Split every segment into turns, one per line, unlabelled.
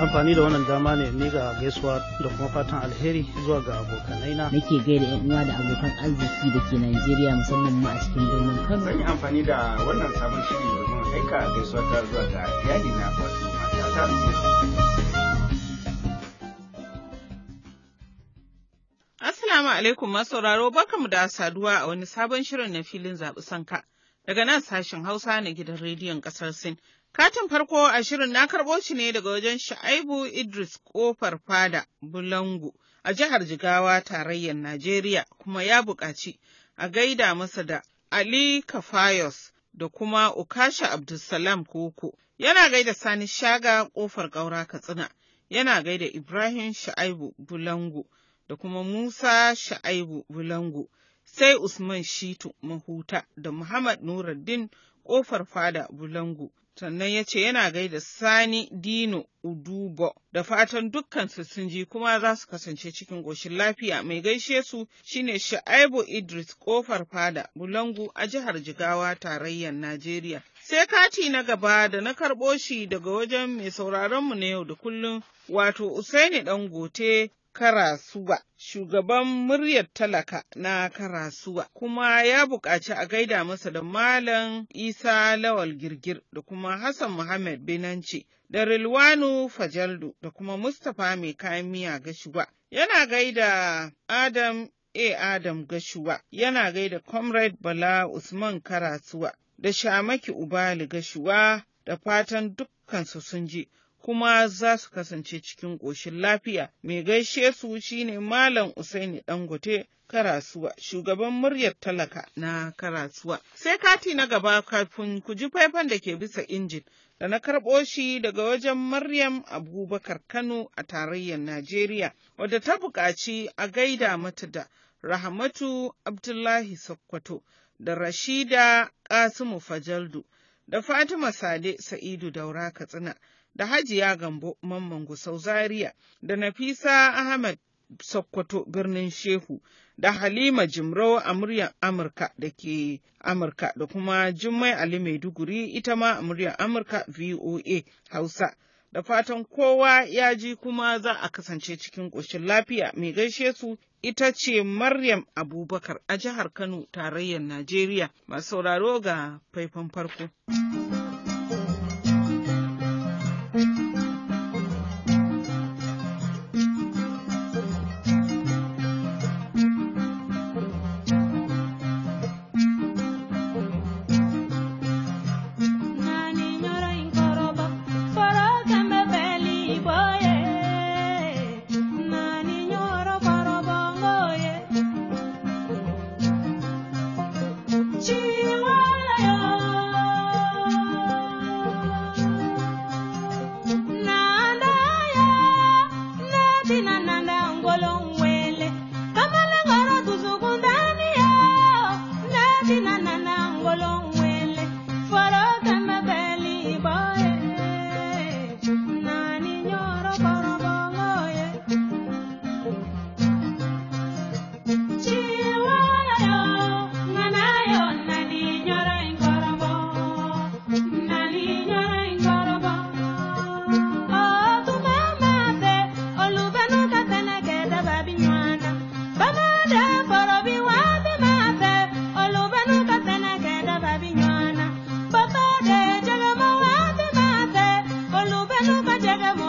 amfani da wannan dama ne ni ga gaisuwa da kuma
fatan alheri zuwa ga abokanai na nake gaida yan uwa da abokan arziki da ke Najeriya musamman ma a cikin birnin Kano zan yi
amfani da wannan sabon shiri domin aika gaisuwa ta zuwa ga iyali na wato matata
Assalamu alaikum masauraro barkamu da saduwa a wani sabon shirin na filin zaɓi sanka daga nan sashin Hausa na gidan rediyon kasar Sin Katin farko a shirin na karɓo shi ne daga wajen Sha'aibu Idris Kofar Fada Bulangu a jihar Jigawa tarayyar Najeriya kuma ya buƙaci a gaida masa da Ali Kafayos da kuma Ukasha Abdulsalam Koko. Yana gaida Sani Shaga Kofar Gaura Katsina, yana gaida Ibrahim Sha'aibu Bulangu da kuma Musa Sha'aibu Bulangu, sai Usman Shitu Mahuta da Muhammad Nuruddin Kofar Fada Bulangu. sannan ya ce yana gaida Sani Dino Udubo da fatan dukkansu sun ji kuma za su kasance cikin goshin lafiya mai gaishe su shine Sha'aibu Idris Kofar Fada Bulangu a jihar Jigawa tarayyar Najeriya. Sai kati na gaba da na karɓo shi daga wajen mai sauraronmu na yau da kullum wato Usaini Dangote Karasuwa, shugaban muryar talaka na Karasuwa, kuma ya buƙaci a gaida masa da Malam Isa Lawal Girgir da kuma Hassan Muhammad Binanci da Rilwanu Fajaldu da kuma Mustapha Mai kayan miya gashuwa. Yana gaida Adam A. Adam gashuwa, yana gaida Comrade Bala Usman Karasuwa da Shamaki Ubali gashuwa da fatan dukkansu sun ji. kuma za su kasance cikin ƙoshin lafiya. Mai gaishe su shine Malam Usaini Dangote Karasuwa, shugaban muryar talaka na Karasuwa. Sai kati na gaba kafin ku ji faifan da ke bisa injin da na karɓo shi daga wajen Maryam Abubakar Kano a tarayyar Najeriya, wadda ta buƙaci a gaida mata da Rahmatu Abdullahi Sokoto da Rashida Kasimu Fajaldu da Fatima Sade Sa'idu Daura Katsina. da Hajiya Gambo Mamman Gusau Zaria da Nafisa Ahmad Sokoto birnin Shehu da Halima Jimro a muryar Amurka da ke Amurka da kuma Jummai Ali Maiduguri ita ma a muryar Amurka VOA Hausa. Da fatan kowa ya ji kuma za a kasance cikin ƙoshin lafiya mai gaishe su ita ce Maryam Abubakar a jihar Kano tarayyar Najeriya masu sauraro ga faifan farko.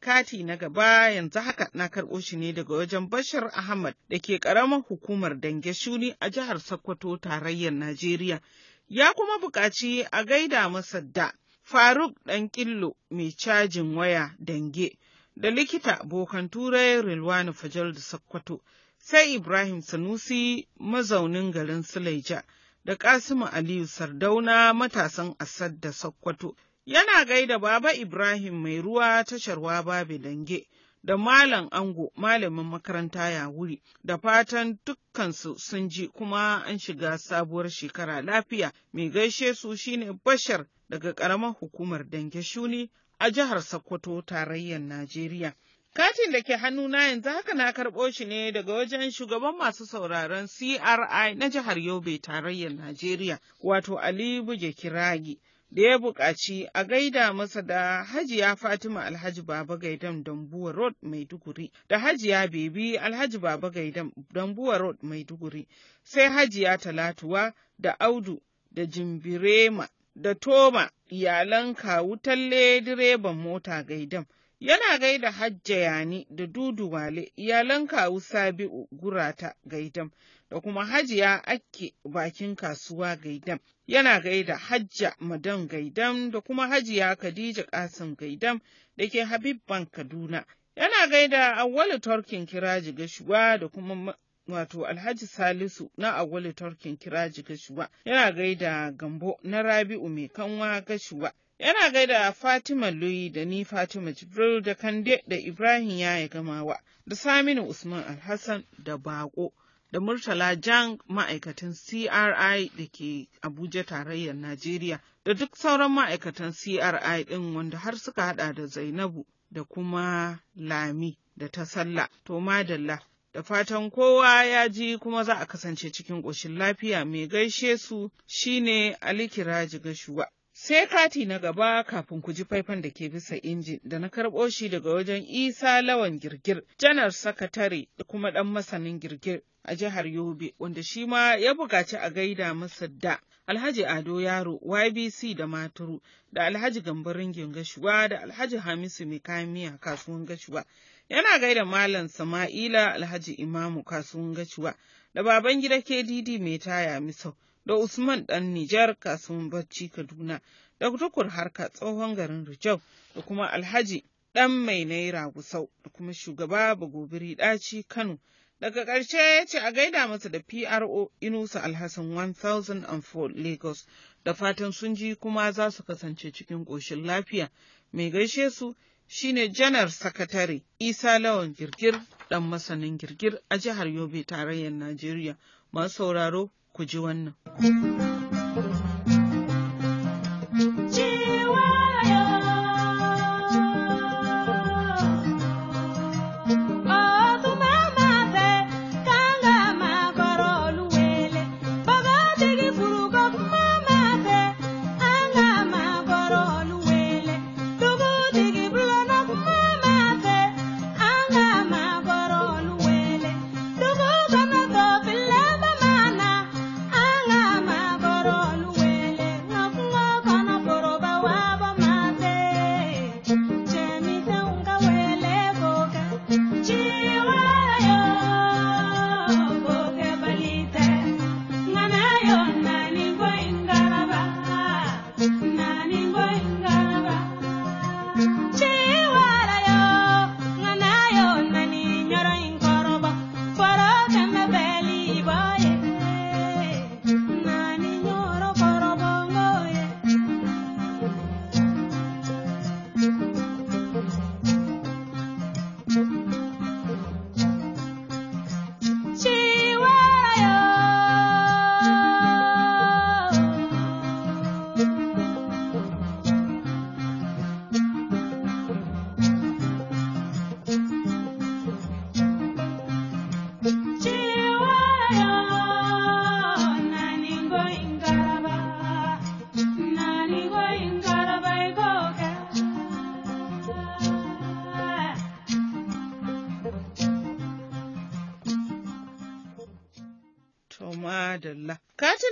Kati na gaba yanzu haka na karɓo shi ne daga wajen Bashar Ahmad da ke ƙaramar hukumar Dange Shuni a jihar Sokoto tarayyar Najeriya. Ya kuma buƙaci a gaida masa da Faruk ɗan ƙillo mai cajin waya Dange da likita bokan turai Rilwani Fajal da Sokoto. sai Ibrahim Sanusi mazaunin garin Suleja da Kasimu Aliyu Sardauna matasan Asad da Sokoto yana gaida Baba Ibrahim mai ruwa tashar babu dange da Malam Ango malamin makaranta ya wuri da fatan dukkansu sun ji kuma an shiga sabuwar shekara lafiya mai gaishe su shine Bashar daga ƙaramar hukumar dange shuni a jihar Sokoto tarayyar Najeriya. Katin da ke hannu na yanzu haka na karɓo shi ne daga wajen shugaban masu sauraron CRI na jihar Yobe tarayyar Najeriya, wato Ali Buge Kiragi, da ya buƙaci a gaida masa da Hajiya Fatima Alhaji Baba Gaidan Dambuwa Road Maiduguri da Hajiya Bebi Alhaji Baba Gaidan Dambuwa Road Maiduguri sai Hajiya Talatuwa da Audu da Jimbirema da Toma iyalan kawu talle direban mota gaidan. yana gaida hajja yani da dudu wale iyalan kawu sabi'u gurata gaidam da kuma hajiya ake bakin kasuwa gaidam yana gaida hajja madan gaidam da kuma hajiya khadija kasim gaidam da ke habibban kaduna yana gaida awwali turkin kiraji gashuwa da kuma wato Alhaji Salisu na awwali Turkin Kiraji Gashuwa yana gaida Gambo na Rabi'u Mai Kanwa Gashuwa Yana gaida Fatima Lui da ni Fatima Jibril da Kande da Ibrahim Yaya Gamawa da Saminu Usman Alhassan da Bako da Murtala Jang ma'aikatan CRI da ke Abuja tarayyar Najeriya da duk sauran ma'aikatan CRI ɗin wanda har suka haɗa da Zainabu da kuma Lami da ta Sallah to madalla. Da fatan kowa ya ji kuma za a kasance cikin ƙoshin lafiya mai gaishe su shine Ali Kiraji Gashuwa. Sai kati na gaba kafin ku ji faifan da ke bisa injin da na karɓo shi daga wajen Isa Lawan Girgir, janar sakatare da kuma ɗan masanin girgir a jihar Yobe, wanda shi ma ya buƙaci a gaida masa da Alhaji Ado Yaro, YBC da Maturu, da Alhaji Gambarin Gashuwa da Alhaji Hamisu Mikamiya kasuwan Gashuwa. Yana gaida Malam Sama'ila Alhaji Imamu kasuwan Gashuwa da baban gida KDD mai taya misau. da Usman ɗan Nijar kasuwan Barci, Kaduna da kutukur harka tsohon garin Rijau da kuma Alhaji ɗan mai naira gusau da kuma shugaba Bagobiri Ɗaci Kano. Daga ƙarshe ya ce a gaida masa da PRO Inusa Alhassan 1004 Lagos da fatan sun ji kuma za su kasance cikin ƙoshin lafiya. Mai gaishe su shine janar sakatare Isa Lawan Girgir ɗan masanin girgir a jihar Yobe tarayyar Najeriya. Masu sauraro ku ji
wannan.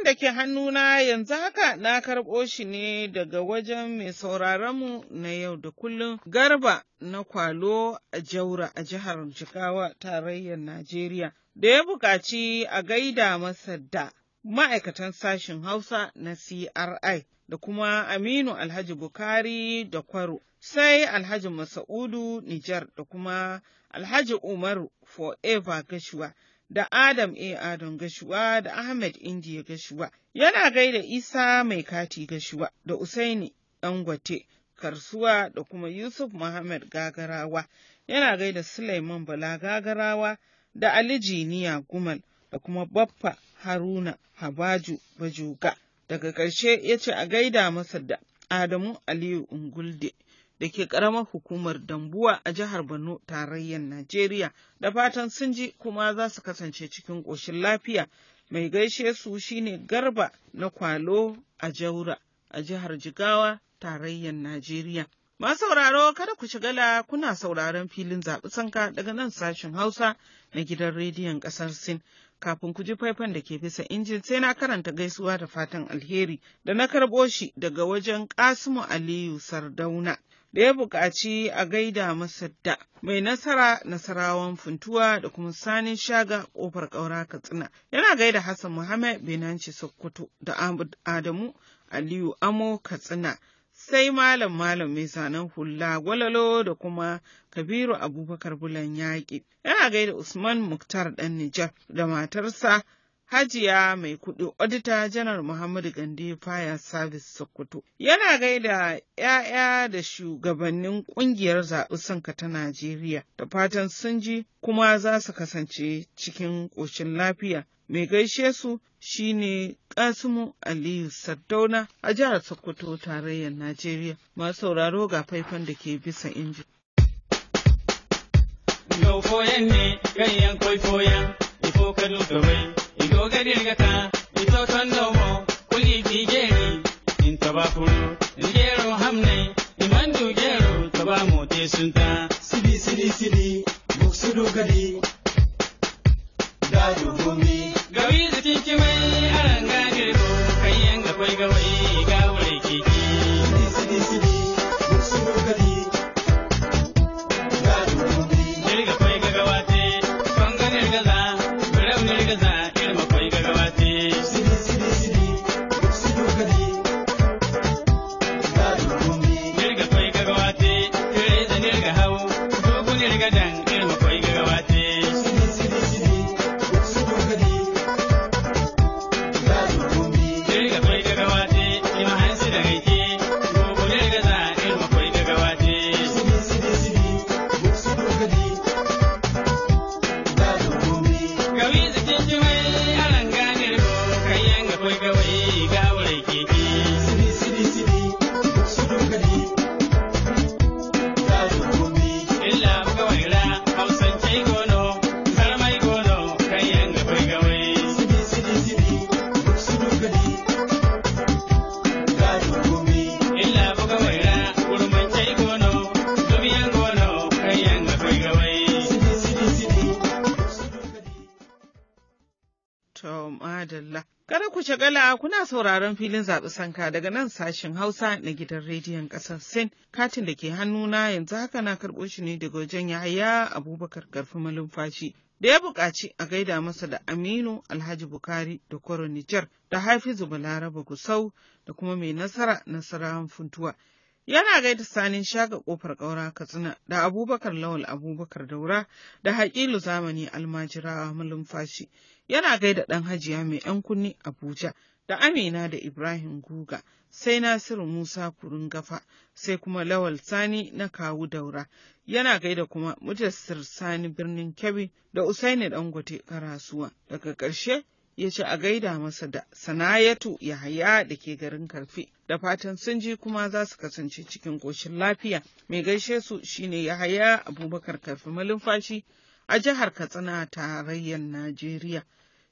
da ke hannuna yanzu haka na karɓo shi ne daga wajen mai sauraronmu na yau da kullum garba na kwalo a jaura a jihar Jigawa tarayyar Najeriya da ya buƙaci a gaida masa da ma'aikatan sashen Hausa na CRI da kuma Aminu Alhaji Bukari da Kwaro sai Alhaji Masa'udu Nijar da kuma Alhaji Umaru Forever Gashuwa. da Adam A. Adam Gashuwa da Ahmed Indiya Gashuwa, yana gaida Isa Mai Kati Gashuwa da Usaini Dangote Karsuwa da kuma Yusuf Muhammad Gagarawa, yana gaida Suleiman Bala Gagarawa da Ali Jiniya Gumal da kuma Baffa Haruna Habaju Bajuga. Daga ƙarshe ya ce a gaida masa da Adamu Aliyu Ungulde. da ke ƙaramar hukumar Dambuwa a jihar Borno tarayyar Najeriya da fatan sun ji kuma za su kasance cikin ƙoshin lafiya. Mai gaishe su shine Garba na Kwalo a Jaura a jihar Jigawa tarayyar Najeriya. Masu sauraro kada ku shigala kuna sauraron filin zaɓi sanka daga nan sashen Hausa na gidan rediyon ƙasar Sin. Kafin ku ji faifan da ke bisa injin sai na karanta gaisuwa da fatan alheri da na karɓo shi daga wajen Kasimu Aliyu Sardauna. Da ya buƙaci a gaida masadda mai nasara nasarawan funtuwa da kuma sanin shaga ƙofar ƙaura katsina. Yana gaida Hassan Muhammad Benanci Sokoto da Ahmad Adamu Aliyu Amo Katsina. sai malam malam mai zanen hula gwalalo da kuma kabiru abubakar bulan yaƙi yana gaida usman muktar ɗan nijar da matarsa hajiya mai kuɗi odita janar muhammadu gande fire service sokoto yana gaida 'ya'ya da shugabannin ƙungiyar zaɓi sanka ta najeriya da fatan sun ji kuma za su kasance cikin ƙoshin lafiya Mai gaishe su shine Kasimu Aliyu Sardauna a jihar Sokoto tarayyar Najeriya. Masu sauraro ga faifan da ke bisa inji. Yo foyan ne ganyen koi foyan, ifo
kanu gabai, ido gadir gata, ito ton nomo, kuli tigeri, in taba furu, in gero hamnai, iman du gero, taba mote sunta, sidi sidi sidi, buksu du gadi,
sauraron filin zaɓi sanka daga nan sashen Hausa na gidan rediyon ƙasar Sin. Katin da ke hannuna yanzu haka na karɓo shi ne daga wajen Yahaya Abubakar Garfi Malumfashi. Da ya buƙaci a gaida masa da Aminu Alhaji Bukari da Kwaro Nijar da Hafizu Balaraba Gusau da kuma mai nasara Nasarawan Funtuwa. Yana gaida sanin shaga ƙofar ƙaura Katsina da Abubakar Lawal Abubakar Daura da Haƙilu Zamani Almajirawa Malumfashi. Yana gaida ɗan hajiya mai ‘yan kunni Abuja da Amina da Ibrahim Guga, sai Nasiru Musa kurin gafa, sai kuma Lawal Sani na Kawu Daura, yana gaida kuma Mujassir Sani birnin Kebbi da Usaini Dangote Karasuwa. Daga ƙarshe ya ce a gaida masa da Sanayatu Yahaya da ke garin Karfi, da fatan sun ji kuma za su kasance cikin ƙoshin lafiya. Mai gaishe su shine Yahaya Abubakar Karfi Malumfashi a jihar Katsina tarayyar Najeriya.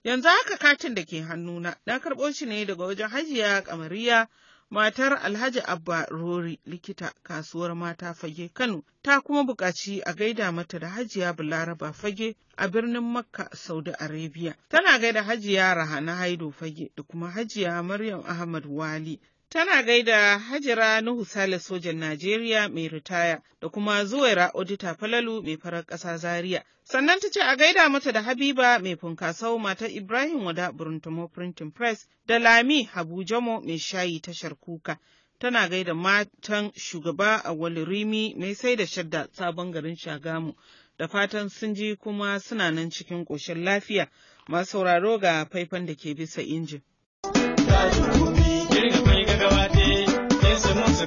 Yanzu haka katin da ke hannuna na karɓo shi ne daga wajen hajiya kamariya matar Alhaji Abba Rori likita kasuwar mata fage Kano ta kuma buƙaci a gaida mata da Hajiya bularaba fage a birnin Makka Saudi Arabia. Tana gaida Hajiya Rahana Haido fage da kuma Hajiya Maryam Ahmad Wali Tana gaida Hajira Nuhu Sale sojan Najeriya mai ritaya da kuma Zuwaira Odita Falalu mai farar ƙasa Zaria. Sannan ta ce a gaida mata da Habiba mai funkasau matar Ibrahim Wada Buruntumo Printing Press da Lami Habu Jamo mai shayi tashar kuka. Tana gaida matan shugaba a Rimi mai sai da shadda sabon garin Shagamu. Da fatan sun ji kuma suna nan cikin ƙoshin lafiya masu sauraro ga faifan da ke bisa injin.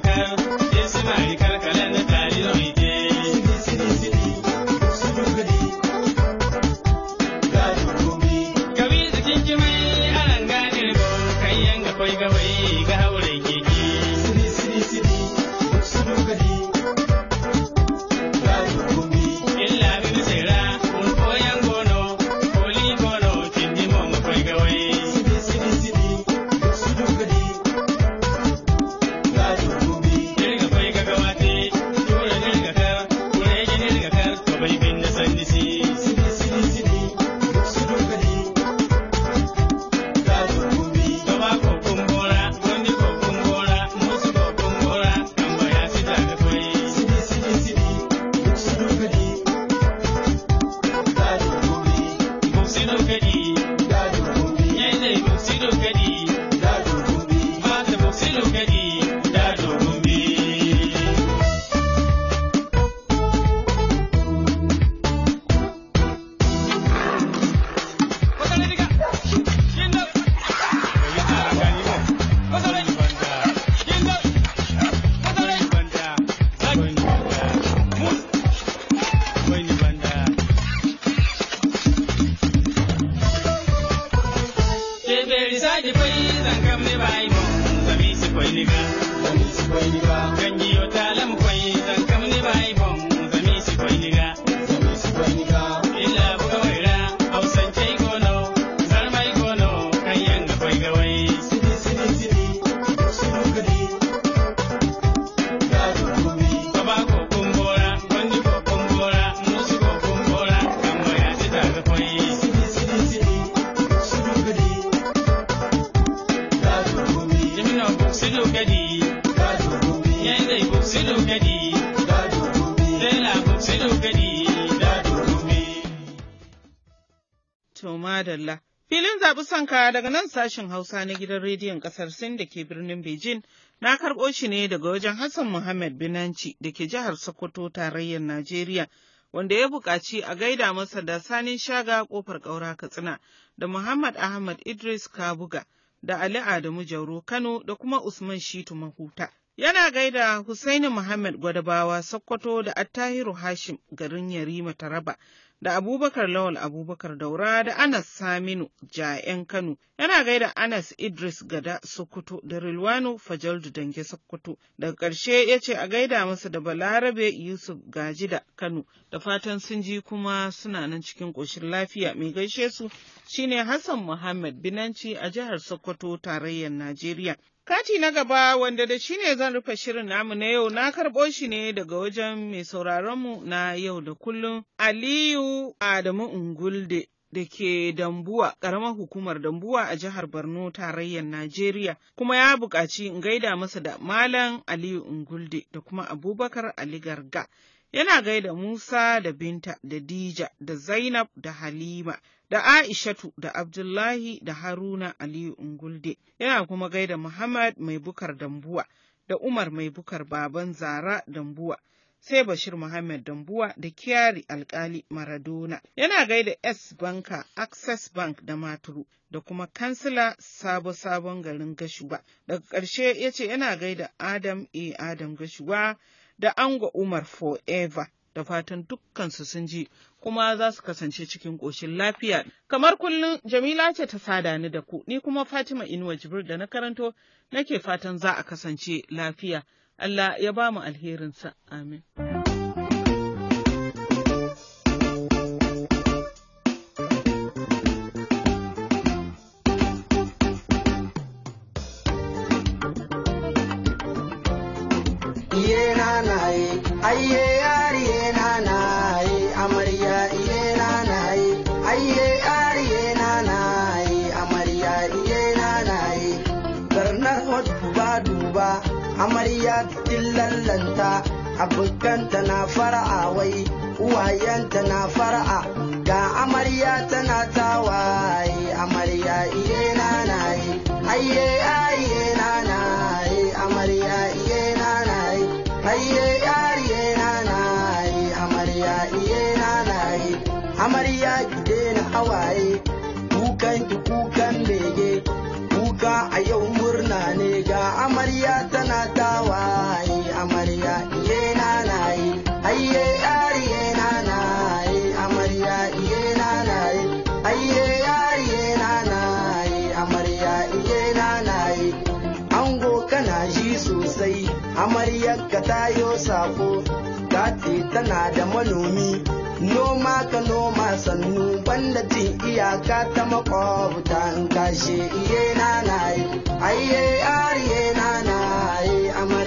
Mexico, it's America.
kanka daga nan sashin Hausa na gidan rediyon ƙasar Sin da ke birnin Beijing na karɓo shi ne daga wajen Hassan Muhammad Binanci da ke jihar Sokoto tarayyar Najeriya wanda ya buƙaci a gaida masa da Sanin Shaga ƙofar ƙaura Katsina da Muhammad Ahmad Idris Kabuga da Ali Adamu Jauro Kano da kuma Usman Shitu Mahuta Yana gaida Hussaini Muhammad Gwadabawa Sokoto da Attahiru Hashim garin Yarima Taraba da Abubakar Lawal Abubakar Daura da Anas Saminu Ja'yan Kano. Yana gaida Anas Idris Gada Sokoto da Rilwano Fajaldu Dange Sokoto. Daga ƙarshe ya ce a gaida masa da Balarabe Yusuf da Kano da fatan sun ji kuma suna nan cikin ƙoshin lafiya mai gaishe su shine Hassan Muhammad Binanci a jihar Sokoto tarayyar Najeriya. Kati na gaba wanda da shi ne zan rufe shirin namu na yau na karɓo shi ne daga wajen mai sauraronmu na yau da kullum Aliyu Adamu Ungulde da ke Dambuwa, ƙaramar hukumar Dambuwa a jihar Borno tarayyar Najeriya, kuma ya buƙaci in gaida masa da Malam Aliyu Ungulde da kuma Abubakar Ali Garga. yana gaida Musa da Binta da Dija da Zainab da Halima da Aishatu da Abdullahi da Haruna Aliyu Ungulde, yana kuma gaida Muhammad mai bukar dambuwa da Umar mai bukar baban Zara dambuwa. Sai Bashir Muhammad Dambuwa da Kiyari Alkali Maradona yana gaida S Banka Access Bank da Maturu da kuma kansila sabo sabon garin Gashuwa. Daga ƙarshe ya ce yana gaida Adam A. Adam Gashuwa da ango Umar Forever. da fatan dukkansu sun ji kuma za su kasance cikin ƙoshin lafiya. Kamar kullum Jamila ce ta sada ni da ku, ni kuma Fatima Inuwa Jibril da na karanto nake fatan za a kasance lafiya. Allah ya ba mu alherinsa. Amin.
abokanta na fara'a wai uwayenta na fara'a ga amarya tana tawaye amarya iye na nanaye ayye na nanaye amarya iye na nanaye ayye na nanaye amarya iye na nanaye amarya ki daina hawaye kukan ki kukan bege kuka a yau tana da manomi noma ka noma sannu banda cin iyaka ta makwabta in kashe iye na na yi ayye ariye na na yi a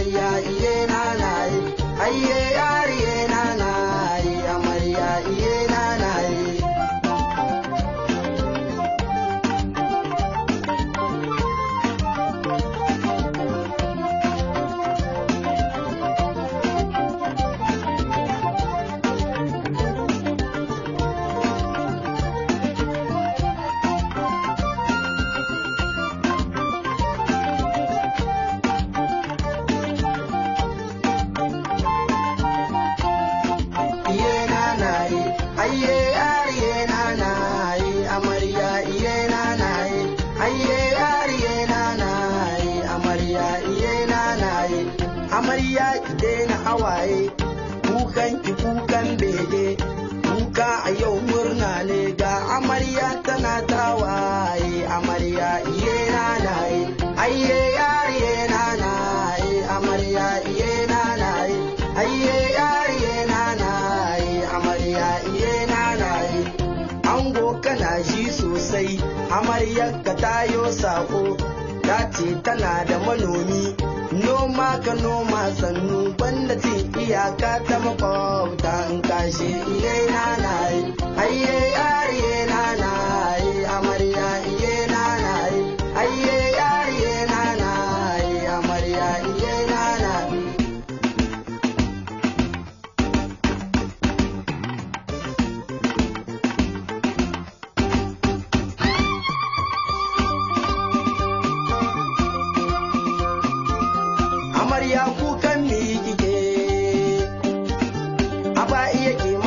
ka tayo sako ta ce tana da manomi noma ka noma sannu banda ce iyaka ta makwabta in kashe iyai na na yi aqui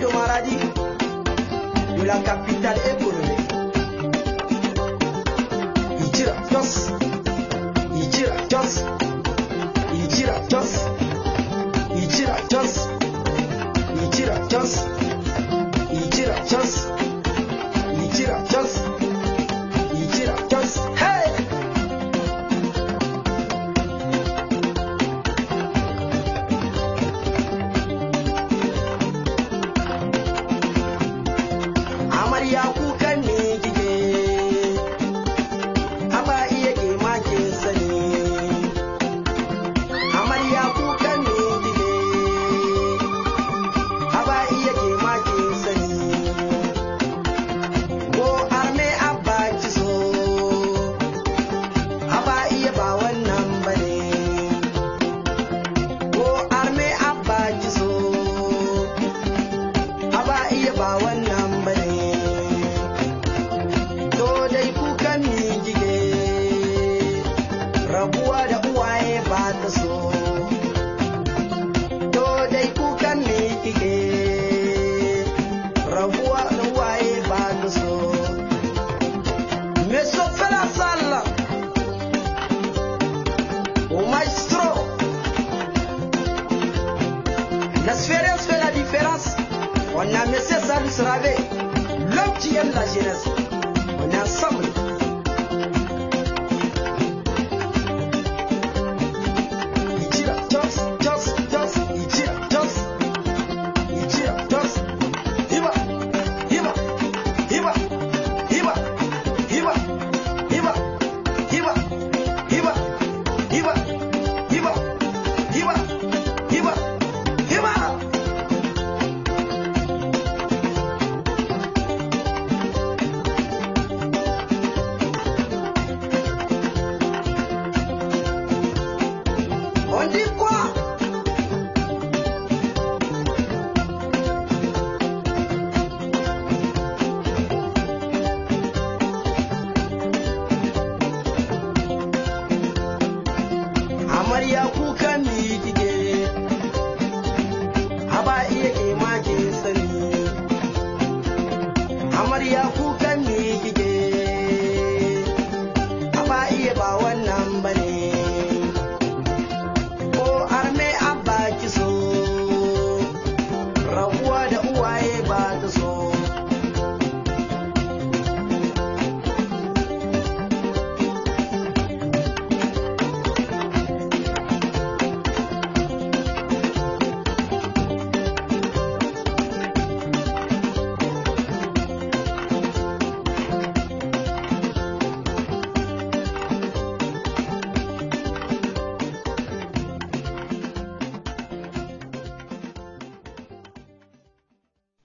Mario Maradi de la capitale eh, économique.